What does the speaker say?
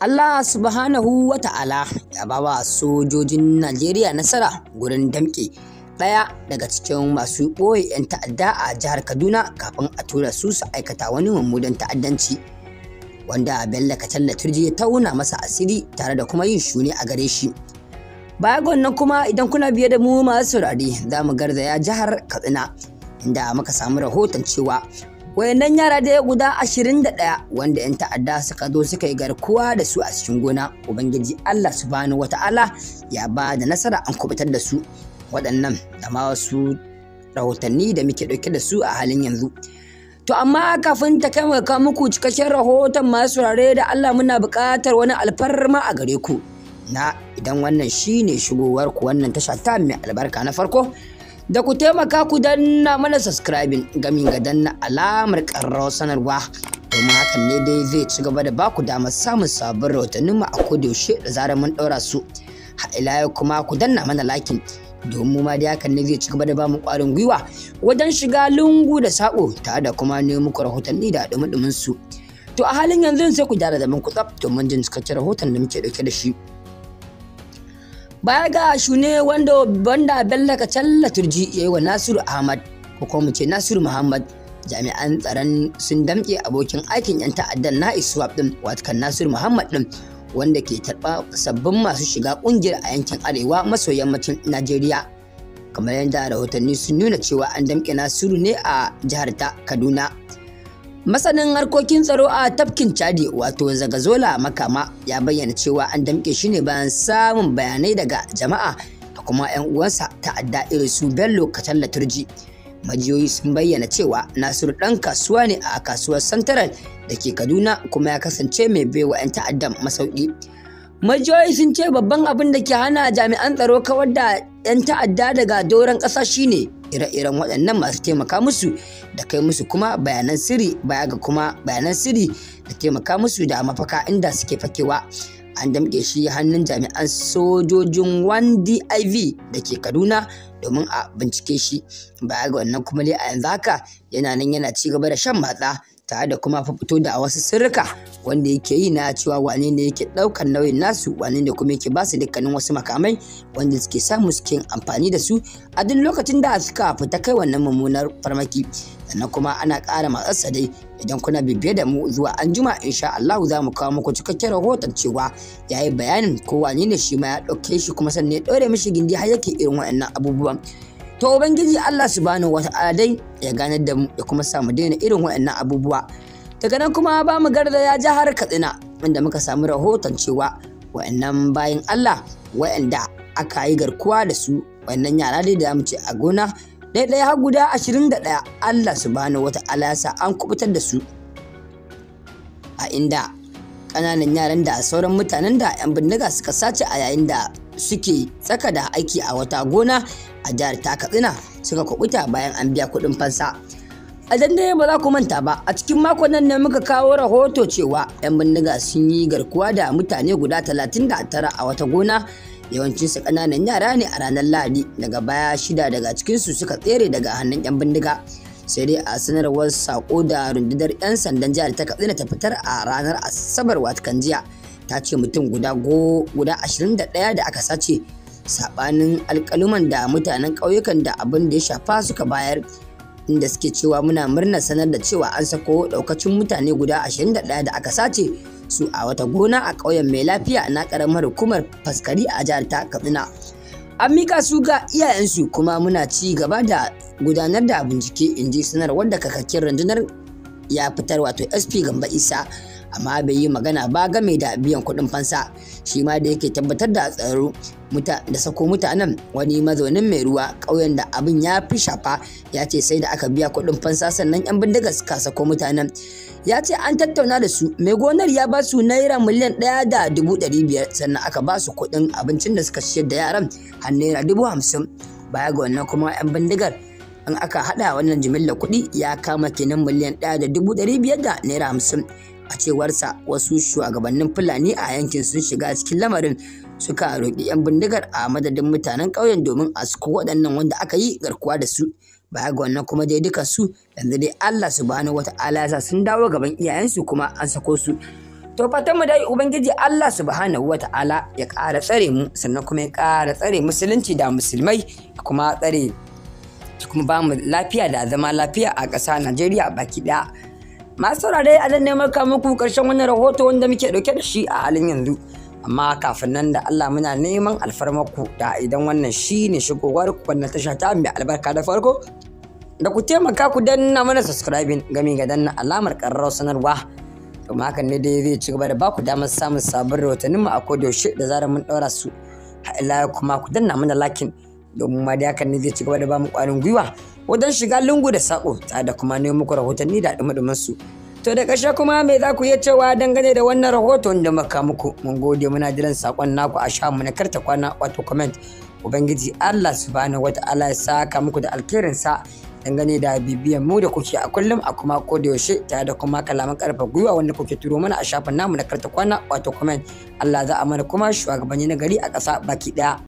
Allah subhanahu wa ta'ala ya ba wa sojojin Najeriya nasara gurin damke ɗaya daga cikin masu ɓoye 'yan ta'adda a jihar Kaduna kafin a tura su su aikata wani mummunan ta'addanci wanda Bello Katalla Turji ya tauna masa asiri tare da kuma yin shuni a gare shi. Baya nan kuma idan kuna biye da mu masu saurari za mu garzaya jihar Katsina inda muka samu rahoton cewa wayannan yara da ya guda ɗaya wanda 'yan ta'adda suka zo suka yi garkuwa da su a cikin gona ubangiji allah subhanahu ta'ala ya ba da nasara an kubutar da su waɗannan da ma wasu rahotanni da muke ɗauke da su a halin yanzu to amma kafin ta kai ga muku cikakken rahoton masu saurare da allah muna buƙatar wani alfarma a gare ku na idan wannan shine shigowar ku wannan tasha ta mai albarka na farko da ku taimaka ku danna mana subscribing gamin ga danna alamar ƙararrawar sanarwa domin hakan ne dai zai ci gaba da baku damar samun sabbin rahotannin mu a kodayaushe da zarar mun ɗaura su ila yau kuma ku danna mana lakin domin ma dai hakan ne zai ci gaba da bamu ƙwarin gwiwa wajen shiga lungu da saƙo tare da kuma nemo muku rahotanni da ɗumi dumin su to a halin yanzu sai ku gyara zaman ku tsaf domin jin cikakken rahoton da muke ɗauke da shi. baya ga ne wanda banda bella kacalla turji ya yi wa nasiru ahmad ko kuma mu ce nasiru muhammad jami'an tsaron sun damke abokin aikin 'yan ta'addan na iswap din watakan nasiru muhammad din wanda ke tarba sabbin masu shiga ƙungiyar a yankin arewa maso yammacin najeriya kamar yadda rahotanni sun nuna cewa an damke nasiru ne a jihar ta kaduna Masanin harkokin tsaro a tafkin Chadi wato Zagazola Makama ya bayyana cewa an damke shi ne bayan samun bayanai daga jama'a da kuma 'yan uwansa ta adda irin su Bello katan Turji. Majiyoyi sun bayyana cewa Nasiru ɗan kasuwa ne a kasuwar Santaral da ke Kaduna kuma ya kasance mai baiwa 'yan ta'addan masauki. Majiyoyi sun ce babban abin da ke hana jami'an tsaro kawar da 'yan ta'adda daga doron ƙasa shine ire-iren waɗannan masu taimaka musu da kai musu kuma bayanan sirri baya ga kuma bayanan sirri da taimaka musu da mafaka inda suke fakewa an damƙe shi hannun jami'an sojojin 1DIV da ke Kaduna domin a bincike shi baya ga wannan kuma a yanzu haka yana nan yana ci gaba da shan matsa tare da kuma fito da wasu sirrika wanda yake yi na cewa wane ne yake ɗaukar nauyin nasu wane ne kuma yake basu dukkanin wasu makamai wanda suke samu suke amfani da su a duk lokacin da suka fita kai wannan mummunar farmaki sannan kuma ana ƙara matsarsa dai idan kuna bibiyar da mu zuwa anjima insha Allah za mu kawo muku cikakken rahoton cewa yayi bayanin ko wane ne shi ma ya ɗauke shi kuma sannan ya dore mishi gindi har yake irin waɗannan abubuwan to ubangiji Allah subhanahu wata'ala dai ya ganar da mu ya kuma sa mu daina irin waɗannan abubuwa daga nan kuma ba mu garzaya jihar Katsina inda muka samu rahoton cewa waɗannan bayan Allah waɗanda aka yi garkuwa da su waɗannan yara dai da mu ce a gona ɗaya har guda ashirin da ɗaya Allah subhanahu wata'ala ya sa an kubutar da su a inda ƙananan yaran da sauran mutanen da 'yan bindiga suka sace a yayin da suke tsaka da aiki a wata gona a jihar ta katsina suka kubuta bayan an biya kuɗin fansa a dandare ba za ku manta ba a cikin makon nan ne muka kawo rahoto cewa 'yan bindiga sun yi garkuwa da mutane guda 39 a wata gona yawancinsu ƙananan yara ne a ranar lahadi daga baya shida daga cikinsu suka tsere daga hannun 'yan bindiga sai dai a sanarwar sako da rundunar 'yan sandan jihar ta katsina ta fitar a ranar asabar watakan jiya ta ce mutum guda 21 da aka sace sabanin alkaluman da mutanen ƙauyukan da abin da ya shafa suka bayar inda suke cewa muna murna sanar da cewa an sako ɗaukacin mutane guda 21 da aka sace su a wata gona a ƙauyen mai lafiya na ƙaramar hukumar faskari a jihar ta katsina an mika su ga iyayensu kuma muna ci gaba da gudanar da bincike inji ji sanarwar da kakakin rundunar ya fitar wato sp gamba isa amma bai yi magana ba game da biyan kuɗin fansa shi ma da yake tabbatar da tsaro da sako mutanen wani mazaunin mai ruwa ƙauyen da abin ya fi shafa ya ce sai da aka biya kuɗin fansa sannan 'yan bindiga suka sako mutanen ya ce an tattauna da su mai gonar ya ba su naira miliyan ɗaya da dubu ɗari biyar sannan aka ba su kuɗin abincin da suka ciyar da yaran har naira dubu hamsin baya ga wannan kuma 'yan bindigar in aka haɗa wannan jimillar kuɗi ya kama kenan miliyan ɗaya da dubu ɗari biyar da naira hamsin a cewarsa wasu shugabannin fulani a yankin sun shiga cikin lamarin suka roƙi 'yan bindigar a madadin mutanen ƙauyen domin a suko waɗannan wanda aka yi garkuwa da su baya ga wannan kuma dai duka su yanzu dai Allah subhanahu wata'ala ya sun dawo gaban iyayensu kuma an sako su to fatan mu dai ubangiji Allah subhanahu wata'ala ya ƙara tsare mu sannan kuma ya ƙara tsare musulunci da musulmai kuma tsare kuma ba mu lafiya da zama lafiya a ƙasa Najeriya baki ɗaya masu saurare a nan neman kawo muku karshen wannan rahoto wanda muke dauke da shi a halin yanzu amma kafin nan da Allah muna neman alfarmarku da idan wannan shi ne shigowar wannan tasha ta mai albarka da farko da ku taimaka ku danna mana subscribing gami ga danna alamar ƙararrawar sanarwa domin hakan ne dai zai ci gaba da baku damar samun sabbin rahotannin mu a kodayaushe da zarar mun ɗaura su ila kuma ku danna mana lakin domin ma dai hakan ne zai ci gaba da bamu kwarin gwiwa wajen shiga lungu da sako tare da kuma nemo muku rahotanni da ɗumi su. To da ƙarshe kuma me za ku iya cewa dangane da wannan rahoton da muka muku mun gode muna jiran sakon naku a sha mu na karta kwana wato comment Ubangiji Allah subhanahu wata'ala ya saka muku da sa dangane da bibiyan mu da kuke a kullum a kuma ko da yaushe tare da kuma kalaman karfa gwiwa wanda kuke turo mana a shafin namu na karta kwana wato comment Allah za a mana kuma shugabanni na gari a ƙasa baki ɗaya.